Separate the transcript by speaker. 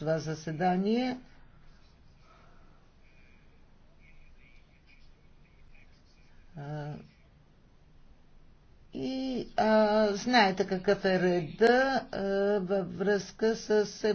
Speaker 1: това заседание. И а, знаете какъв е реда а, във връзка с